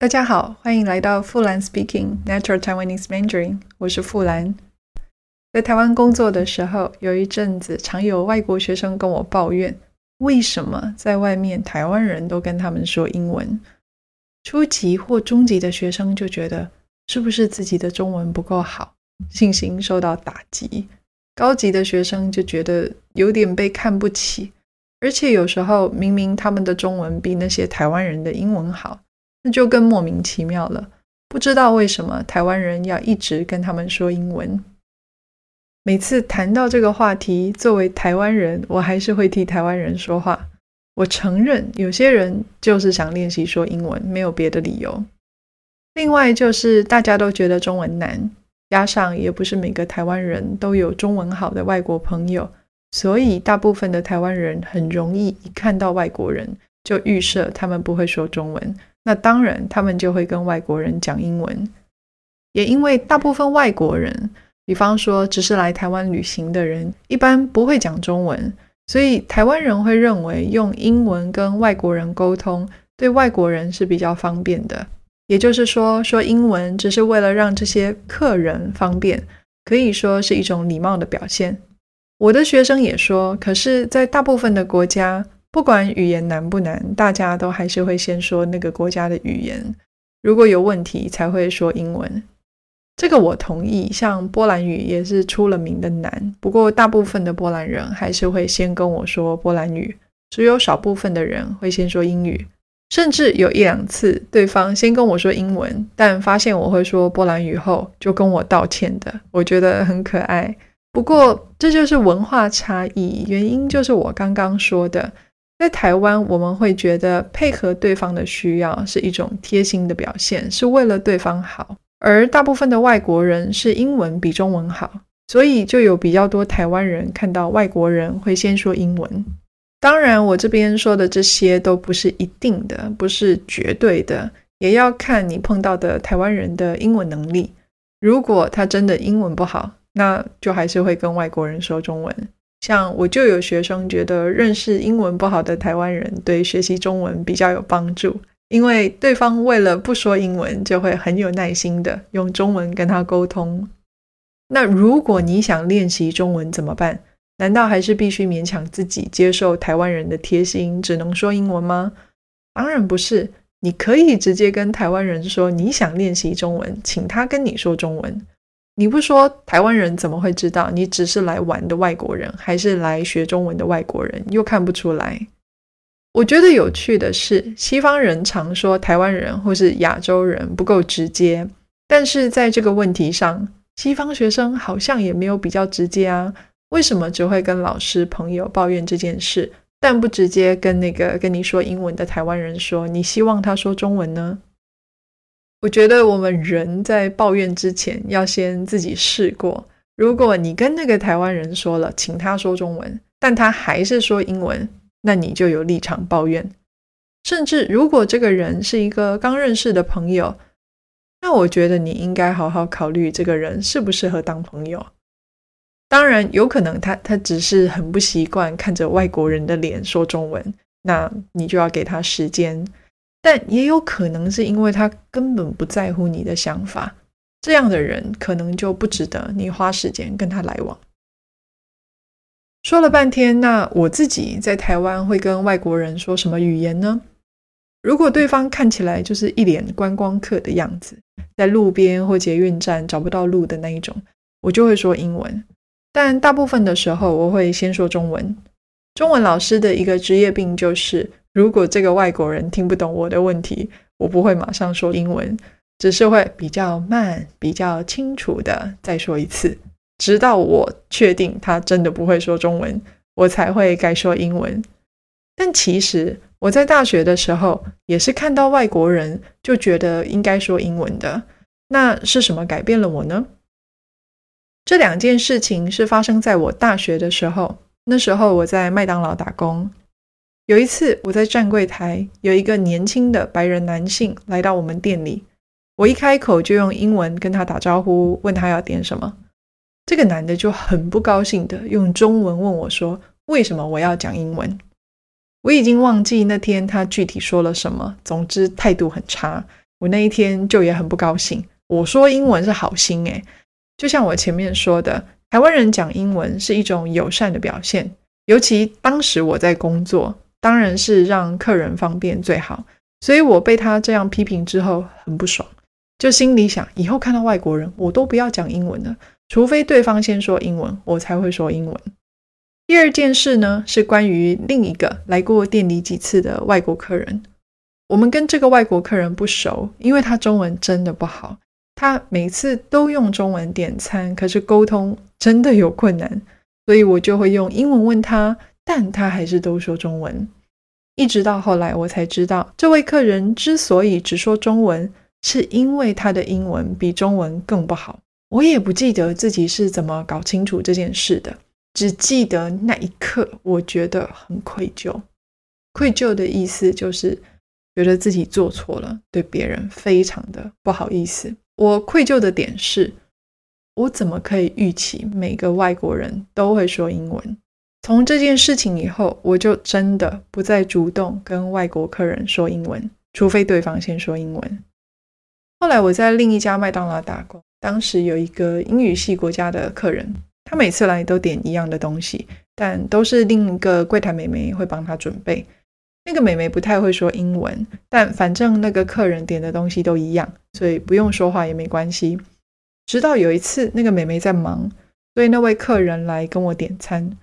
大家好，歡迎來到富蘭 Speaking Natural Taiwanese Mandarin。我是富蘭。在台灣工作的時候，有一陣子常有外國學生跟我抱怨：為什麼在外面台灣人都跟他們說英文？初級或中級的學生就覺得是不是自己的中文不夠好，信心受到打擊；高級的學生就覺得有點被看不起，而且有時候明明他們的中文比那些台灣人的英文好。就更莫名其妙了，不知道為什麼台灣人要一直跟他們說英文。每次談到這個話題，作為台灣人，我還是會替台灣人說話。我承認有些人就是想練習說英文，沒有別的理由。另外就是大家都覺得中文難，加上也不是每個台灣人都有中文好的外國朋友，所以大部分的台灣人很容易一看到外國人就預設他們不會說中文。那當然，他們就會跟外國人講英文。也因為大部分外國人，比方說只是來台灣旅行的人，一般不會講中文，所以台灣人會認為用英文跟外國人溝通，對外國人是比較方便的。也就是說，說英文只是為了讓這些客人方便，可以說是一種禮貌的表現。我的學生也說，可是在大部分的國家。不管語言難不難，大家都還是會先說那個國家的語言，如果有問題才會說英文。這個我同意，像波蘭語也是出了名的難，不過大部分的波蘭人還是會先跟我說波蘭語，只有少部分的人會先說英語，甚至有一兩次對方先跟我說英文，但發現我會說波蘭語後就跟我道歉的，我覺得很可愛。不過這就是文化差異，原因就是我剛剛說的。在台灣，我們會覺得配合對方的需要是一種貼心的表現，是為了對方好。而大部分的外國人是英文比中文好，所以就有比較多台灣人看到外國人會先說英文。當然，我這邊說的這些都不是一定的，不是絕對的，也要看你碰到的台灣人的英文能力。如果他真的英文不好，那就還是會跟外國人說中文。像我就有學生覺得認識英文不好的台灣人對學習中文比較有幫助，因為對方為了不說英文，就會很有耐心的用中文跟他溝通。那如果你想練習中文怎麼辦？難道還是必須勉強自己接受台灣人的貼心，只能說英文嗎？當然不是，你可以直接跟台灣人說你想練習中文，請他跟你說中文。你不說，台灣人怎麼會知道你只是來玩的外國人，還是來學中文的外國人？又看不出來。我覺得有趣的是，西方人常說台灣人或是亞洲人不夠直接，但是在這個問題上，西方學生好像也沒有比較直接啊。為什麼只會跟老師、朋友抱怨這件事，但不直接跟那個跟你說英文的台灣人說，你希望他說中文呢？我覺得我們人在抱怨之前，要先自己試過。如果你跟那個台灣人說了，請他說中文，但他還是說英文，那你就有立場抱怨。甚至如果這個人是一個剛認識的朋友，那我覺得你應該好好考慮這個人適不適合當朋友。當然，有可能他他只是很不習慣看着外國人的臉說中文，那你就要給他時間。但也有可能是因為他根本不在乎你的想法，這樣的人可能就不值得你花時間跟他來往。說了半天，那我自己在台灣會跟外國人說什麼語言呢？如果對方看起來就是一臉觀光客的樣子，在路邊或捷運站找不到路的那一種，我就會說英文。但大部分的時候，我會先說中文。中文老師的一個職業病就是，如果這個外國人聽不懂我的問題，我不會馬上說英文，只是會比較慢、比較清楚地再說一次，直到我確定他真的不會說中文，我才會改說英文。但其實我在大學的時候也是看到外國人就覺得應該說英文的。那是什麼改變了我呢？這兩件事情是發生在我大學的時候，那時候我在麥當勞打工。有一次，我在站櫃台，有一個年輕的白人男性來到我們店裡，我一開口就用英文跟他打招呼，問他要點什麼。這個男的就很不高興地用中文問我說：“為什麼我要講英文？”我已經忘記那天他具體說了什麼，總之態度很差。我那一天就也很不高興。我說英文是好心欸，就像我前面說的，台灣人講英文是一種友善的表現，尤其當時我在工作。當然是讓客人方便最好，所以我被他這樣批評之後很不爽，就心裡想，以後看到外國人我都不要講英文了，除非對方先說英文，我才會說英文。第二件事呢，是關於另一個來過店裡幾次的外國客人，我們跟這個外國客人不熟，因為他中文真的不好，他每次都用中文點餐，可是溝通真的有困難，所以我就會用英文問他。但他還是都說中文，一直到後來我才知道，這位客人之所以只說中文，是因為他的英文比中文更不好。我也不記得自己是怎麼搞清楚這件事的，只記得那一刻我覺得很愧疚。愧疚的意思就是覺得自己做錯了，對別人非常的不好意思。我愧疚的點是，我怎麼可以預期每個外國人都會說英文？從這件事情以後，我就真的不再主動跟外國客人說英文，除非對方先說英文。後來我在另一家麥當勞打工，當時有一個英語系國家的客人，他每次來都點一樣的東西，但都是另一個櫃台美眉會幫他準備。那個美眉不太會說英文，但反正那個客人點的東西都一樣，所以不用說話也沒關係。直到有一次，那個美眉在忙，所以那位客人來跟我點餐。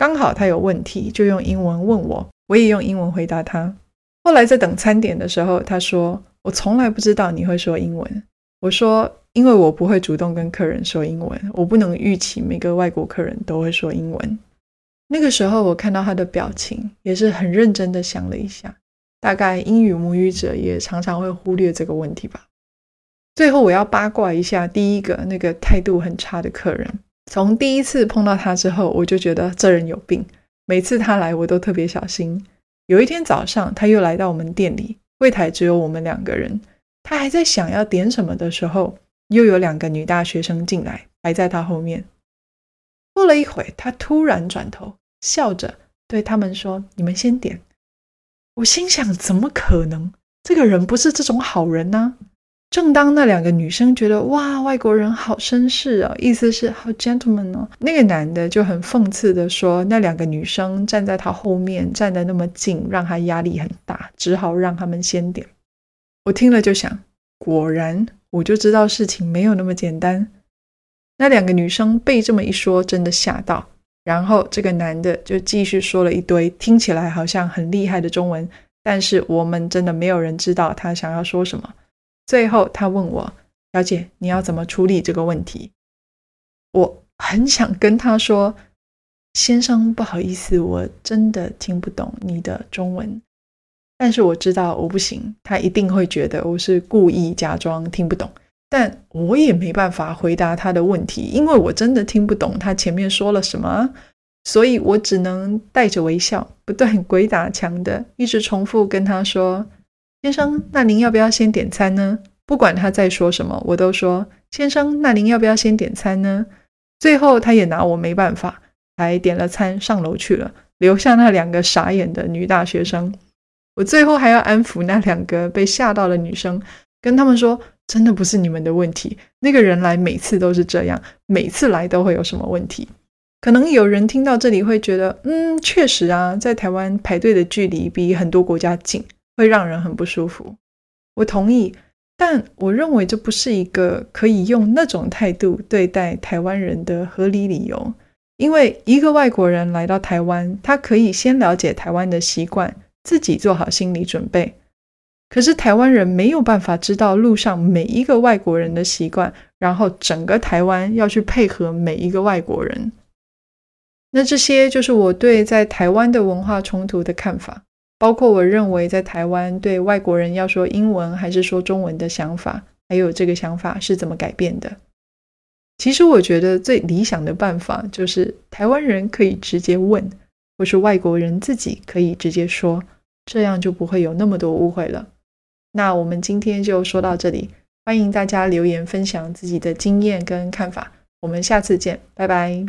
剛好他有問題，就用英文問我，我也用英文回答他。後來在等餐點的時候，他說：“我從來不知道你會說英文。”我說：“因為我不會主動跟客人說英文，我不能預期每個外國客人都會說英文。”那個時候我看到他的表情，也是很認真的想了一下，大概英語母語者也常常會忽略這個問題吧。最後我要八卦一下，第一個那個態度很差的客人。從第一次碰到他之後，我就覺得這人有病。每次他來，我都特別小心。有一天早上，他又來到我們店裡，櫃檯只有我們兩個人。他還在想要點什麼的時候，又有兩個女大學生進來，排在他後面。過了一會，他突然轉頭，笑着對他們說：“你們先點。”我心想：怎麼可能？這個人不是這種好人呢、啊？正當那兩個女生覺得哇，外國人好紳士哦，意思是好 gentleman 哦，那個男的就很諷刺的說，那兩個女生站在他後面，站得那麼近，讓他壓力很大，只好讓他們先點。我聽了就想，果然，我就知道事情沒有那麼簡單。那兩個女生被這麼一說，真的嚇到。然後這個男的就繼續說了一堆聽起來好像很厲害的中文，但是我們真的沒有人知道他想要說什麼。最後，他問我：“小姐，你要怎麼處理這個問題？”我很想跟他說：“先生，不好意思，我真的聽不懂你的中文。”但是我知道我不行，他一定會覺得我是故意假裝聽不懂。但我也沒辦法回答他的問題，因為我真的聽不懂他前面說了什麼，所以我只能帶着微笑，不斷鬼打牆的，一直重複跟他說：“先生，那您要不要先點餐呢？”不管他在說什麼，我都說：“先生，那您要不要先點餐呢？”最後他也拿我沒辦法，還點了餐上樓去了，留下那兩個傻眼的女大學生。我最後還要安撫那兩個被嚇到的女生，跟他們說：“真的不是你們的問題，那個人來每次都是這樣，每次來都會有什麼問題。”可能有人聽到這裡會覺得：“嗯，確實啊，在台灣排隊的距離比很多國家近，會讓人很不舒服。”我同意。但我認為這不是一個可以用那種態度對待台灣人的合理理由，因為一個外國人來到台灣，他可以先了解台灣的習慣，自己做好心理準備。可是台灣人沒有辦法知道路上每一個外國人的習慣，然後整個台灣要去配合每一個外國人。那這些就是我對在台灣的文化衝突的看法。包括我認為，在台灣對外國人要說英文還是說中文的想法，還有這個想法是怎麼改變的。其實我覺得最理想的辦法就是台灣人可以直接問，或是外國人自己可以直接說，這樣就不會有那麼多誤會了。那我們今天就說到這裡，歡迎大家留言分享自己的經驗跟看法，我們下次見，拜拜。